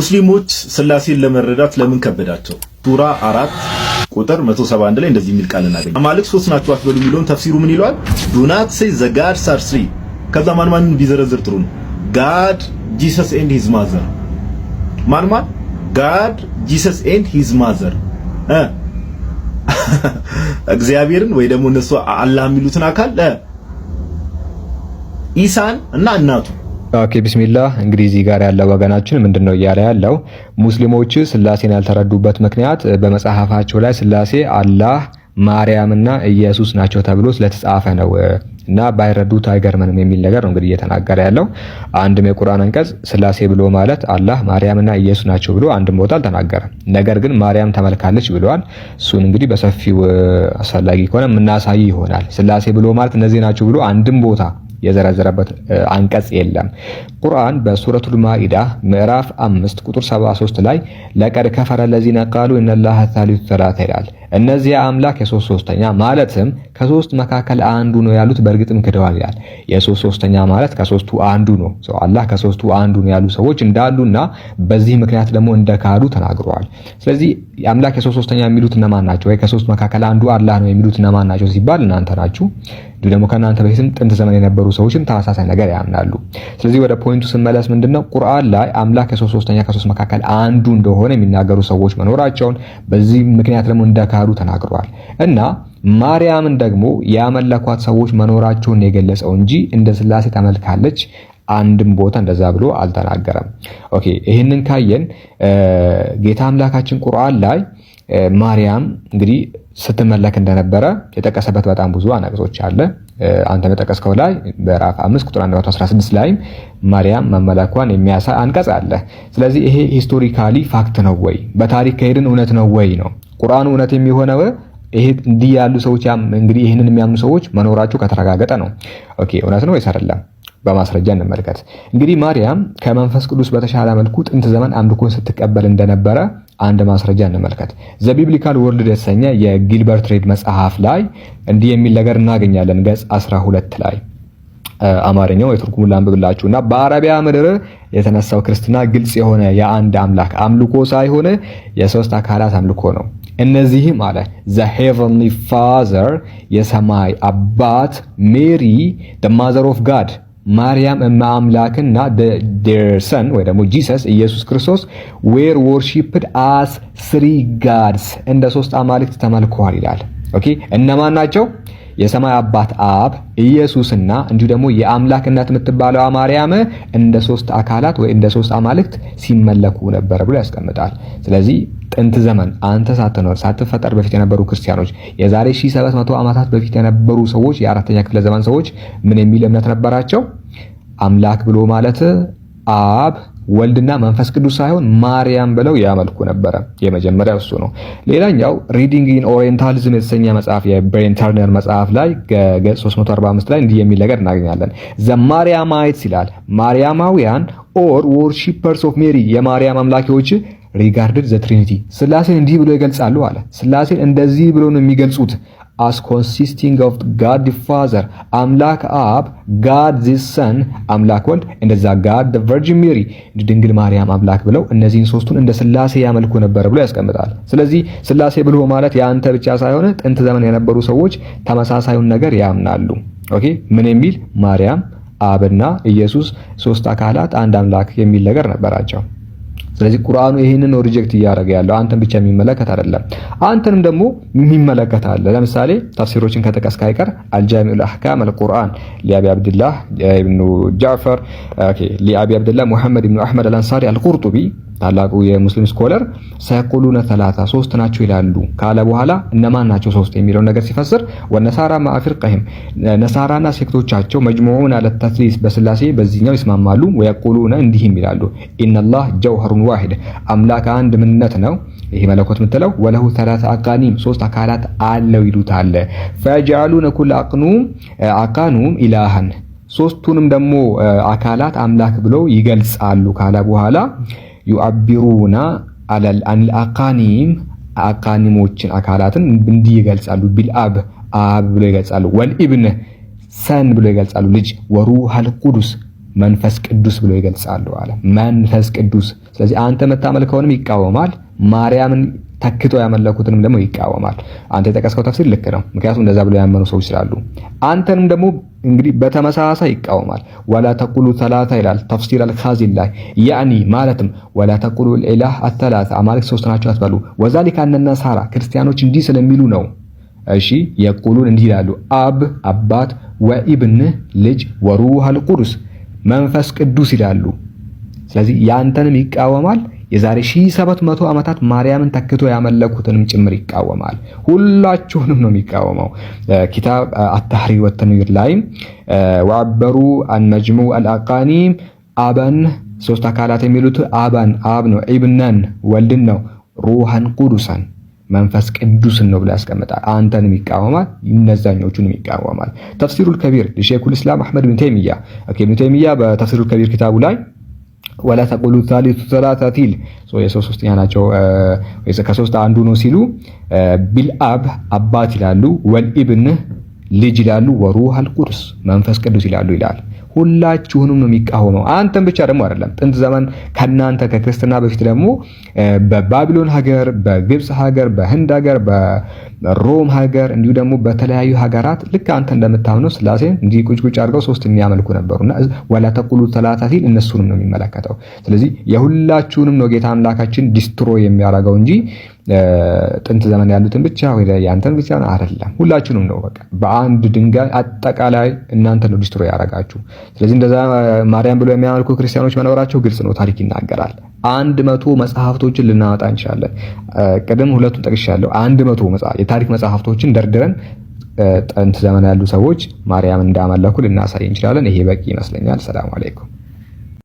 ሙስሊሞች ስላሴን ለመረዳት ለምን ከበዳቸው? ሱራ አራት ቁጥር 171 ላይ እንደዚህ የሚል ቃል እናገኝ። አማልክ ሶስት ናቸው አትበሉ የሚለውን ተፍሲሩ ምን ይለዋል? ዱናት ሴ ዘጋድ ሳርስሪ ከዛ ማን ማን ቢዘረዝር ጥሩ ነው? ጋድ ጂሰስ ኤንድ ሂዝ ማዘር። ማን ማን? ጋድ ጂሰስ ኤንድ ሂዝ ማዘር። እግዚአብሔርን ወይ ደግሞ እነሱ አላህ የሚሉትን አካል ኢሳን እና እናቱ ኦኬ ቢስሚላ እንግዲህ እዚህ ጋር ያለው ወገናችን ምንድን ነው እያለ ያለው ሙስሊሞች ስላሴን ያልተረዱበት ምክንያት በመጽሐፋቸው ላይ ስላሴ አላህ ማርያምና ኢየሱስ ናቸው ተብሎ ስለተጻፈ ነው እና ባይረዱት አይገርመንም የሚል ነገር ነው እንግዲህ እየተናገረ ያለው። አንድም የቁርአን አንቀጽ ስላሴ ብሎ ማለት አላህ ማርያምና ኢየሱስ ናቸው ብሎ አንድም ቦታ አልተናገረም። ነገር ግን ማርያም ተመልካለች ብለዋል። እሱን እንግዲህ በሰፊው አስፈላጊ ከሆነ የምናሳይ ይሆናል። ስላሴ ብሎ ማለት እነዚህ ናቸው ብሎ አንድም ቦታ የዘረዘረበት አንቀጽ የለም። ቁርአን በሱረቱል ማኢዳ ምዕራፍ 5 ቁጥር 73 ላይ ለቀድ ከፈረ ለዚነ ቃሉ ኢነላህ ታሊቱ ተላተ ይላል። እነዚያ አምላክ የሶስት ሶስተኛ ማለትም ከሶስት መካከል አንዱ ነው ያሉት በእርግጥም ክደዋል ይላል። የሶስት ሶስተኛ ማለት ከሶስቱ አንዱ ነው ሰው አላህ ከሶስቱ አንዱ ነው ያሉ ሰዎች እንዳሉና በዚህ ምክንያት ደግሞ እንደካዱ ተናግረዋል። ስለዚህ አምላክ የሶስት ሶስተኛ የሚሉት እነማን ናቸው? ወይ ከሶስት መካከል አንዱ አላህ ነው የሚሉት እነማን ናቸው ሲባል እናንተ ናችሁ። ደግሞ ከእናንተ በፊትም ጥንት ዘመን የነበሩ ሰዎችም ተመሳሳይ ነገር ያምናሉ። ስለዚህ ወደ ፖይንቱ ስመለስ ምንድነው ቁርአን ላይ አምላክ ከሶስት ሶስተኛ ከሶስት መካከል አንዱ እንደሆነ የሚናገሩ ሰዎች መኖራቸውን በዚህ ምክንያት ደግሞ እንደካዱ ተናግረዋል እና ማርያምን ደግሞ ያመለኳት ሰዎች መኖራቸውን የገለጸው እንጂ እንደ ስላሴ ተመልካለች አንድም ቦታ እንደዛ ብሎ አልተናገረም። ኦኬ ይህንን ካየን ጌታ አምላካችን ቁርአን ላይ ማርያም እንግዲህ ስትመለክ እንደነበረ የጠቀሰበት በጣም ብዙ አናቅጾች አለ። አንተ በጠቀስከው ላይ በራፍ 5 ቁጥር 116 ላይ ማርያም መመለኳን የሚያሳይ አንቀጽ አለ። ስለዚህ ይሄ ሂስቶሪካሊ ፋክት ነው ወይ በታሪክ ከሄድን እውነት ነው ወይ ነው ቁርአኑ እውነት የሚሆነው ይሄ እንዲህ ያሉ ሰዎች እንግዲህ ይህንን የሚያምኑ ሰዎች መኖራቸው ከተረጋገጠ ነው። ኦኬ እውነት ነው ወይስ አይደለም? በማስረጃ እንመልከት። እንግዲህ ማርያም ከመንፈስ ቅዱስ በተሻለ መልኩ ጥንት ዘመን አምልኮን ስትቀበል እንደነበረ አንድ ማስረጃ እንመልከት። ዘቢብሊካል ቢብሊካል ወርልድ የተሰኘ የጊልበርት ሬድ መጽሐፍ ላይ እንዲህ የሚል ነገር እናገኛለን። ገጽ 12 ላይ አማርኛው የትርጉሙን ላንብብላችሁ እና በአረቢያ ምድር የተነሳው ክርስትና ግልጽ የሆነ የአንድ አምላክ አምልኮ ሳይሆን የሶስት አካላት አምልኮ ነው። እነዚህም አለ ዘ ሄቨንሊ ፋዘር የሰማይ አባት፣ ሜሪ ማዘር ኦፍ ጋድ ማርያም እማአምላክን ደርሰን ወይ ደግሞ ጂሰስ ኢየሱስ ክርስቶስ ዌር ወርሺፕድ አስ ስሪ ጋድስ እንደ ሶስት አማልክት ተመልከዋል ይላል። ኦኬ እነማን ናቸው? የሰማይ አባት አብ፣ ኢየሱስና እንዲሁ ደግሞ የአምላክነት የምትባለው ማርያም እንደ ሶስት አካላት ወይ እንደ ሶስት አማልክት ሲመለኩ ነበር ብሎ ያስቀምጣል። ስለዚህ ጥንት ዘመን አንተ ሳትኖር ሳትፈጠር በፊት የነበሩ ክርስቲያኖች የዛሬ 700 ዓመታት በፊት የነበሩ ሰዎች የአራተኛ ክፍለ ዘመን ሰዎች ምን የሚል እምነት ነበራቸው? አምላክ ብሎ ማለት አብ ወልድና መንፈስ ቅዱስ ሳይሆን ማርያም ብለው ያመልኩ ነበረ። የመጀመሪያ እሱ ነው። ሌላኛው ሪዲንግ ኢን ኦሪየንታሊዝም የተሰኘ መጽሐፍ የብሬን ተርነር መጽሐፍ ላይ ገጽ 345 ላይ እንዲህ የሚል ነገር እናገኛለን። ዘማርያማይትስ ይላል ማርያማውያን ኦር ወርሺፐርስ ኦፍ ሜሪ የማርያም አምላኪዎች ሪጋርድድ ዘ ትሪኒቲ ስላሴን እንዲህ ብሎ ይገልጻሉ አለ። ስላሴን እንደዚህ ብሎ ነው የሚገልጹት አስ ኮንሲስቲንግ ኦፍ ጋድ ፋዘር አምላክ አብ፣ ጋድ ዚ ሰን አምላክ ወልድ፣ እንደዛ ጋድ ዘ ቨርጅን ሜሪ ድንግል ማርያም አምላክ ብለው እነዚህን ሶስቱን እንደ ስላሴ ያመልኩ ነበር ብሎ ያስቀምጣል። ስለዚህ ስላሴ ብሎ ማለት የአንተ ብቻ ሳይሆን ጥንት ዘመን የነበሩ ሰዎች ተመሳሳዩን ነገር ያምናሉ። ኦኬ ምን የሚል ማርያም፣ አብና ኢየሱስ ሶስት አካላት አንድ አምላክ የሚል ነገር ነበራቸው። ስለዚህ ቁርአኑ ይህንን ነው ሪጀክት እያደረገ ያለው። አንተን ብቻ የሚመለከት አይደለም። አንተንም ደግሞ የሚመለከት አለ። ለምሳሌ ተፍሲሮችን ከጠቀስክ አይቀር አልጃሚዑል አህካም አልቁርአን ሊአቢ አብድላህ ኢብኑ ጃዕፈር ሊአቢ አብድላህ ሙሐመድ ኢብኑ አሕመድ አልአንሳሪ አልቁርጡቢ ታላቁ የሙስሊም ስኮለር ሰየቁሉነ ተላታ ሶስት ናቸው ይላሉ ካለ በኋላ እነማን ናቸው ሶስት የሚለውን ነገር ሲፈስር ወነሳራ ማአፍሪቀህም ነሳራና ሴክቶቻቸው መጅሙዑን አለ ተስሊስ በስላሴ በዚህኛው ይስማማሉ። ወየቁሉነ እንዲህም ይላሉ ኢነላህ ጀውሀሩን ዋሂድ አምላክ አንድ ምነት ነው ይሄ መለኮት የምትለው ወለሁ ሰላሳ አቃኒም ሶስት አካላት አለው ይሉታል። ፈጃሉነ ኩል አቅኑም አቃኑም ኢላሃን ሶስቱንም ደግሞ አካላት አምላክ ብለው ይገልጻሉ ካለ በኋላ ዩአቢሩና አል አካኒሞችን አቃኒሞችን አካላትን እንዲህ ይገልጻሉ። ቢልአብ አብ ብሎ ይገልጻሉ። ወልኢብን ሰን ብሎ ይገልጻሉ፣ ልጅ ወሩሃል ቁዱስ መንፈስ ቅዱስ ብሎ ይገልጻሉ አለ። መንፈስ ቅዱስ ስለዚህ አንተ መታመልከውንም ይቃወማል። ማርያምን ተክቶ ያመለኩትንም ደግሞ ይቃወማል። አንተ የጠቀስከው ተፍሲር ልክ ነው፣ ምክንያቱም እንደዛ ብሎ ያመኑ ሰዎች ስላሉ አንተንም ደግሞ እንግዲህ በተመሳሳይ ይቃወማል። ወላ ተቁሉ ተላታ ይላል ተፍሲር አልካዚ ላይ ያኒ ማለትም ወላ ተቁሉ ኢላህ አተላታ አማልክት ሶስት ናቸው አትበሉ። ወዛሊካ ነሳራ ክርስቲያኖች እንዲህ ስለሚሉ ነው። እሺ የቁሉን እንዲህ ይላሉ አብ አባት፣ ወኢብን ልጅ፣ ወሩሃል ቁዱስ መንፈስ ቅዱስ ይላሉ። ስለዚህ ያንተንም ይቃወማል የዛሬ 1700 ዓመታት ማርያምን ተክቶ ያመለኩትንም ጭምር ይቃወማል። ሁላችሁንም ነው የሚቃወመው። ኪታብ አታህሪ ወተንዊር ላይ ወአበሩ አን መጅሙዕ አበን ሶስት አካላት የሚሉት አባን አብ ነው፣ ኢብነን ወልድን ነው፣ ሩሃን ቅዱሰን መንፈስ ቅዱስን ነው ብሎ ያስቀምጣል። አንተንም ይቃወማል፣ እነዛኞቹንም ይቃወማል። ተፍሲሩል ከቢር ሼኹል ኢስላም አሕመድ ብን ተይሚያ ብን ተይሚያ በተፍሲሩል ከቢር ኪታቡ ላይ ወላ ተቁሉ ታሊቱ ሰላሳ ሲል የሰው ሶስተኛ ናቸው ከሶስት አንዱ ነው ሲሉ ቢልአብ አባት ይላሉ፣ ወልኢብን ልጅ ይላሉ፣ ወሩሃል ቁድስ መንፈስ ቅዱስ ይላሉ ይላል። ሁላችሁንም የሚቃወመው አንተም ብቻ ደግሞ አይደለም። ጥንት ዘመን ከእናንተ ከክርስትና በፊት ደግሞ በባቢሎን ሀገር፣ በግብፅ ሀገር፣ በህንድ ሀገር ሮም ሀገር እንዲሁ ደግሞ በተለያዩ ሀገራት ልክ አንተ እንደምታምነው ስላሴ እንዲህ ቁጭቁጭ አድርገው ሶስት የሚያመልኩ ነበሩና ወላ ተቁሉ ተላታ ሲል እነሱንም ነው የሚመለከተው። ስለዚህ የሁላችሁንም ነው ጌታ አምላካችን ዲስትሮ የሚያደርገው እንጂ ጥንት ዘመን ያሉትን ብቻ ወይ ያንተን ብቻ አይደለም፣ ሁላችሁንም ነው። በቃ በአንድ ድንጋይ አጠቃላይ እናንተ ነው ዲስትሮ ያደረጋችሁ ስለዚህ እንደዛ ማርያም ብሎ የሚያመልኩ ክርስቲያኖች መኖራቸው ግልጽ ነው፣ ታሪክ ይናገራል። አንድ መቶ መጽሐፍቶችን ልናወጣ እንችላለን። ቅድም ሁለቱን ጠቅሻለሁ። አንድ መቶ የታሪክ መጽሐፍቶችን ደርድረን ጥንት ዘመን ያሉ ሰዎች ማርያም እንዳመለኩ ልናሳይ እንችላለን። ይሄ በቂ ይመስለኛል። ሰላም አለይኩም።